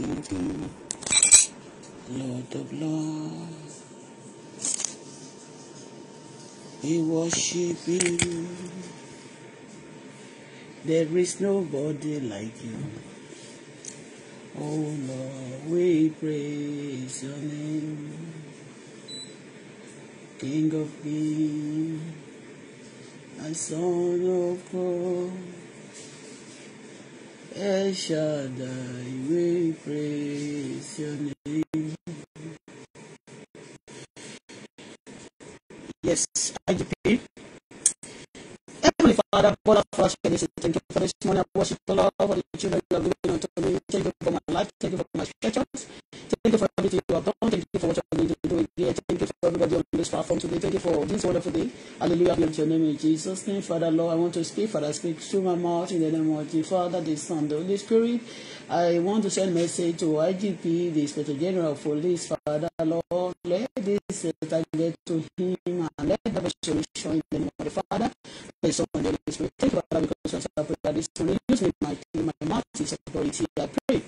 Lord of love, we worship you. There is nobody like you. Oh Lord, we praise your name. King of kings and Son of God. El Shaddai, we praise your name. Yes, IGP. Heavenly Father, God of us, thank you for this morning? I worship the Lord for the children you have given unto me. Thank you for my life. Thank you for my stretchers. Thank you for everything you have done. Thank you for what everybody on this platform today. Thank you for this wonderful day. Hallelujah. in your name in Jesus' name. Father, Lord, I want to speak. Father, speak through my mouth in the name of the Father, the Son, the Holy Spirit. I want to send message to IGP, the Inspector General of Police. Father, Lord, let this letter get to him and let the solution in the name of the Father, Holy Spirit. Thank you, Father, because I pray that this will use me my, my mouth, his authority. I pray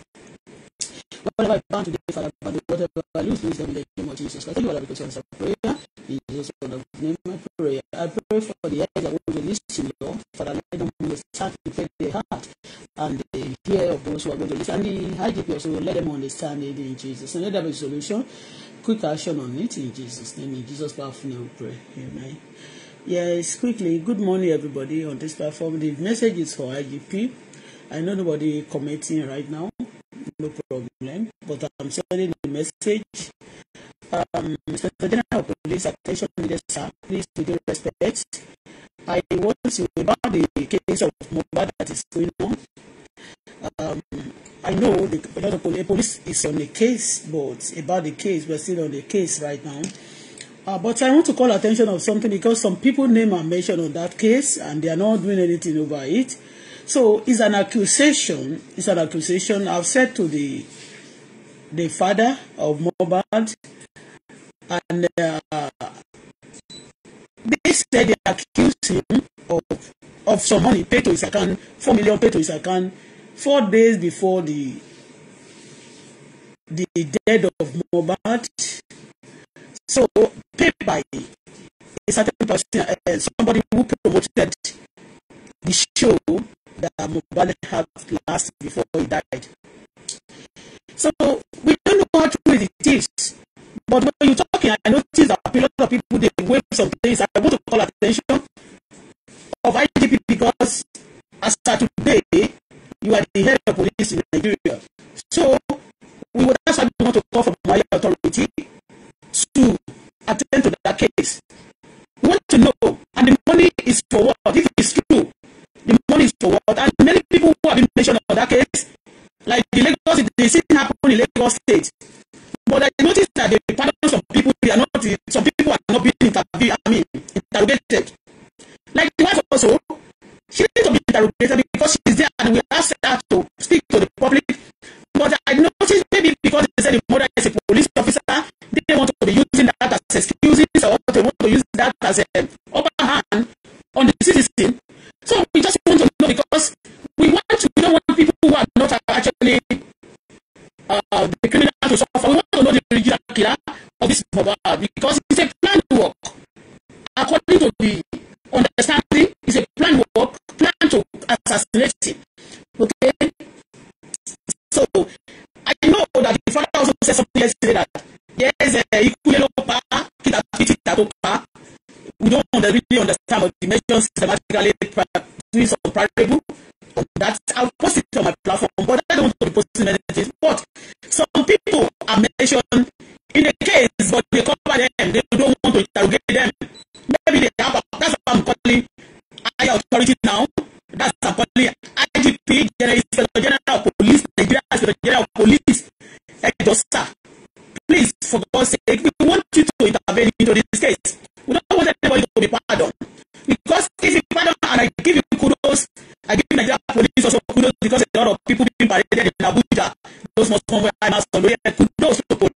whatever I to today, Father, but whatever I lose, please them in the name of Jesus I Thank you, Father, because you answer prayer. In Jesus' name I pray. I pray for the eyes that will to listen, Lord. Father, let them start to take their heart and the ear of those who are going to listen. And the IGP also let them understand it in Jesus. And let there be solution, quick action on it in Jesus' name. In Jesus' powerful name we pray. Amen. Yes, quickly. Good morning, everybody on this platform. The message is for IGP. I know nobody commenting right now. No problem. but I'm sending the message. Um, Mr. General Police, attention needed, sir. Please, with due respect, I want you about the case of Mohbad that is going on. Um, I know the, a police is on the case, but about the case, we're still on the case right now. Uh, but I want to call attention of something because some people name are mentioned on that case and they are not doing anything over it. So it's an accusation. It's an accusation. I've said to the the father of Mohbad, and uh, they said they accused him of of some money paid to his account, four million paid to his account, four days before the the death of Mohbad. So paid by a certain person, uh, somebody who promoted the show that Mohbad had last before he died. So we don't know how true it is. But when you're talking, I notice that a lot of people they wave some things. I want to call attention of IGP because as of today, you are the head of police in Nigeria. So we would ask we want to call for my authority to attend to that case. We want to know, and the money is for what? If it's true, the money is for what? And the same happened in Lagos State. But I noticed that the pardon some people they are not some people are not being interviewed, I mean interrogated. Like the wife also, she needs to be interrogated because she is there and we asked her to speak to the public. But I noticed maybe because they said the mother is a police officer, they want to be using that as excuses or they want to use that as an upper hand on the citizen. So we just the criminal to suffer. We want to know the original killer of this murder because it's a planned work. According to the understanding, it's a planned work, planned to assassinate him. Okay? So, I know that the father also said something yesterday that there's a Ikuyelo Pa, Kita Piti Tatopa. We don't really understand what the measures systematically doing some parable. That's I'll post it on my platform, but I don't want to be posting they cover them. They don't want to interrogate them. Maybe they have. That's why I'm calling higher authority now. That's what I'm calling IGP, General Inspector General of Police, Nigeria Inspector General of Police. Ẹjọ́ sá. Please, for God's sake, we want you to intervene into this case. We don't want anybody to be pardoned. Because if you pardon and I give you kudos, I give you Nigeria police also kudos because a lot of people being paraded in Abuja. Those must come where I must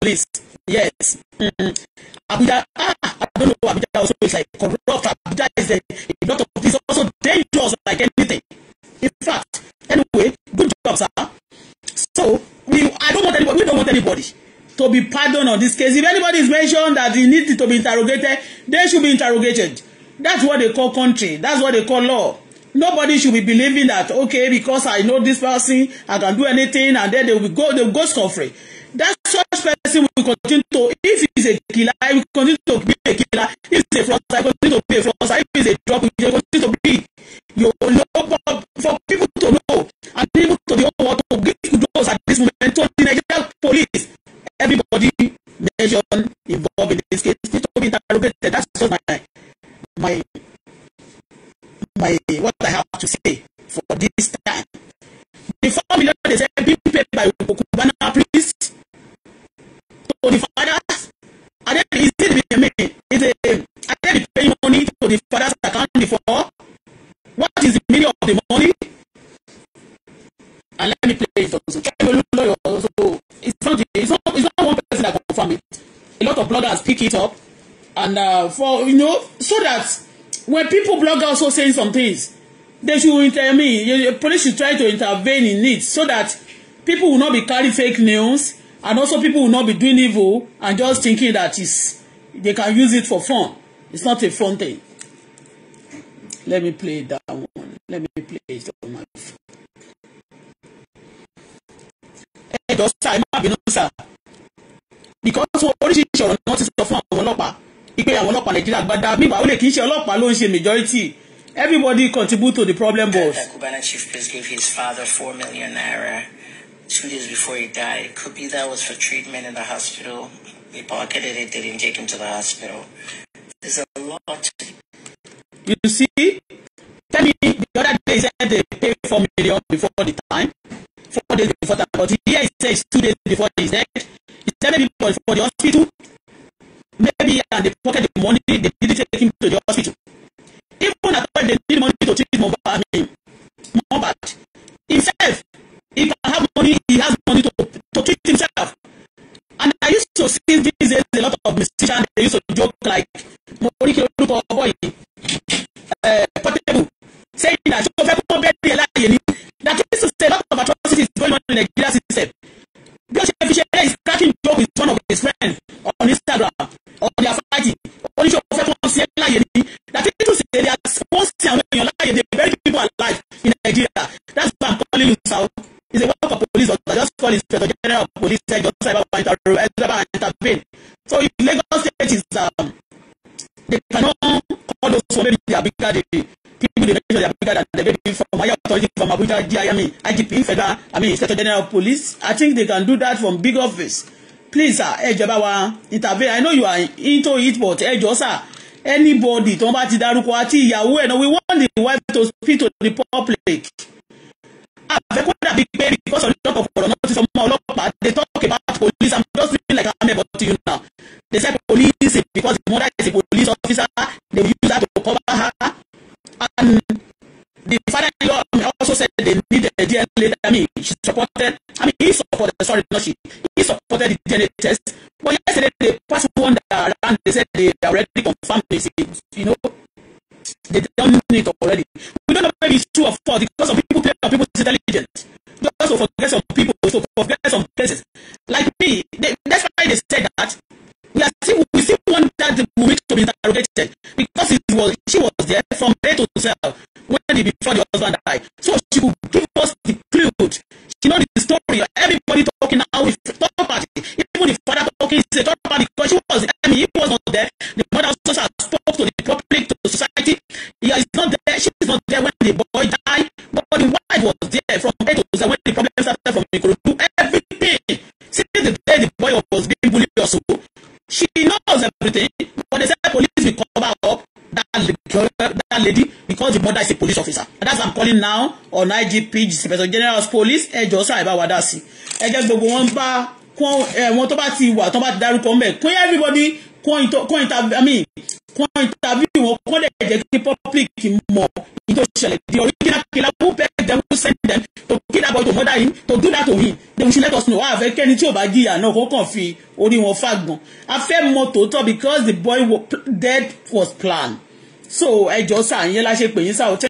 police. Yes. Mm. Mm-hmm. Abuja, ah, I don't know. Abuja also is like corrupt. Abuja is a, a lot of this also dangerous like anything. In fact, anyway, good job, sir. So we, I don't want anybody. We don't want anybody to be pardoned on this case. If anybody is mentioned that he need to be interrogated, they should be interrogated. That's what they call country. That's what they call law. Nobody should be believing that okay because I know this person I can do anything and then they will go they will go scot-free such person will continue to if he's a killer he will continue to be a killer if he's a fraudster he continue to be a fraudster if he's a drug he continue to be your local for people to know and people to the whole world to give kudos at this moment to the Nigerian police everybody mentioned involved in this case need to be interrogated that's just my my my what I have to say for this time the four million they say people paid by Is a I can't the paying money to the father's account before. What is the meaning of the money? And let me play it also. Try also. It's not, it's not it's not one person that confirm it. A lot of bloggers pick it up and uh, for you know so that when people blog also saying some things they should inter me police should try to intervene in it so that people will not be carry fake news and also people will not be doing evil and just thinking that is. They can use it for fun. It's not a fun thing. Let me play that one. Let me play it on my phone. Because wọn oríṣiríṣi ọ̀rọ̀ ni wọ́n ti sọ fún àwọn ọlọ́pàá. Ìpè àwọn ọlọ́pàá Nàìjíríà gbádá. Mímọ̀ àwọn olè kì í ṣe ọlọ́pàá ló ń ṣe majority. Everybody contribute to the problem boss. The Cubana chief priest gave his father four million naira two days before he died. Could be that was for treatment in the hospital be pocketed it, they didn't take him to the hospital. There's a lot. You see, tell me the other day said they paid four million before the time, four days before time, but here it says two days before he's dead. He said maybe for, for the hospital, maybe and they pocket the money, they didn't take him to the hospital. Even at all, they need money to treat Mohbad, I mean, So since these days a lot of musicians dey use to joke like Moriki orúkọ ọbọ yìí Portable saying that ó fẹ́ kó bẹ́ẹ̀ díẹ̀ láàyè ni that is to say a lot of atrocities going on in the Nigeria system. Bí ó ṣe fi ṣe eré is cracking joke with one of his friends on Instagram on their fighting oníṣòwò fẹ́ kó ṣe láàyè ni that is to say they are supposed to àwọn èèyàn láàyè they bury people alive in Nigeria that's why I'm calling you south. Is a work for police officer just call Inspector General of Police head just cyber inter cyber intervene. So if Lagos State is um, they cannot call those for maybe they are bigger people they mention they are bigger than the baby from higher authority from Abuja DIM IGP federal I mean Inspector General of Police I think they can do that from big office. Please sir ẹ jọba wa intervene I know you are into it but ẹ jọ anybody tó ń bá ti dárúkọ àti ìyàwó ẹ̀ náà we want the wife to speak to the public àfẹ́ kó pé because of lot náà ti sọ mọ́ ọlọ́pàá they talk about police i'm just feeling like i'm able to you now they say police because the mother is a police officer they will use that to cover her and the father-in-law also said they need a DNA I mean she supported I mean he supported sorry not she he supported the DNA test but yesterday they passed one that around they said they already confirmed it you know they don't need it already we don't know maybe it's true or false because of people diligent. Just to forget some people, to forget some places. Like me, they, that's why they said that we are still we still want that woman to be interrogated because it was she was there from day to cell when the before the husband died. So she could give us the clues. She know the story. Everybody talking now with third party. Even the father talking is a third party because she was I mean he was not there. The mother also spoke to the public to the society. Yeah, it's not there. She's not there when the boy died. life was there from A to Z when the problem started from Ikorodu. Everything. Since the day the boy was being bullied or so, she knows everything. But they said police will cover up that, that lady because the mother is a police officer. And that's I'm calling now on IGP, Inspector General of Police, Ẹ jọ̀ọ́ sá ìbá wa dá sí. Ẹ jẹ́ gbogbo wọn bá wọn tó bá ti wà tó bá ti dárúkọ mẹ́ẹ̀ kó everybody kọ́ interview kọ́ interview wọn kọ́ dẹ̀ jẹ́ kí public mọ̀ ní tó ṣẹlẹ̀ the original killer who beg them who send them to kill that boy to murder him to do that to him dem should let us know àfẹ́ kẹ́ni tí ò bá jìyà náà kó kàn fi orí wọn fàgbọ́n afẹ́ mọ tòótọ́ because the boy death was planned so ẹjọ́ sà ń yẹn láṣẹ pè yín sà ó tẹ́